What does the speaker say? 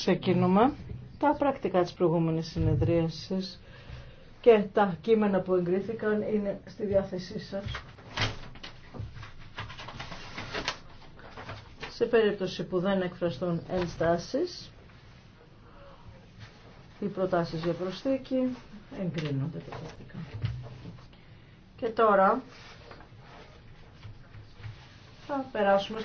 Ξεκινούμε τα πρακτικά της προηγούμενης συνεδρίασης και τα κείμενα που εγκρίθηκαν είναι στη διάθεσή σας. Σε περίπτωση που δεν εκφραστούν ενστάσεις οι προτάσεις για προσθήκη εγκρίνονται τα Και τώρα θα περάσουμε